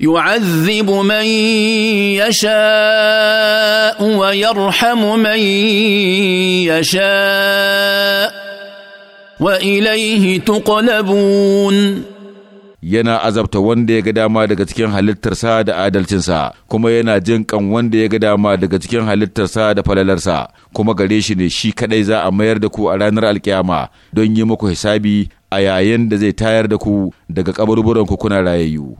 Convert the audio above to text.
يعذب من يشاء ويرحم من يشاء وإليه تقلبون yana azabta wanda ya ga dama daga cikin halittarsa da adalcinsa kuma yana jin kan wanda ya ga dama daga cikin halittarsa da falalarsa kuma gare shi ne shi kadai za a mayar da ku a ranar alkiyama don yi muku hisabi a yayin da zai tayar da ku daga kaburburanku kuna rayayyu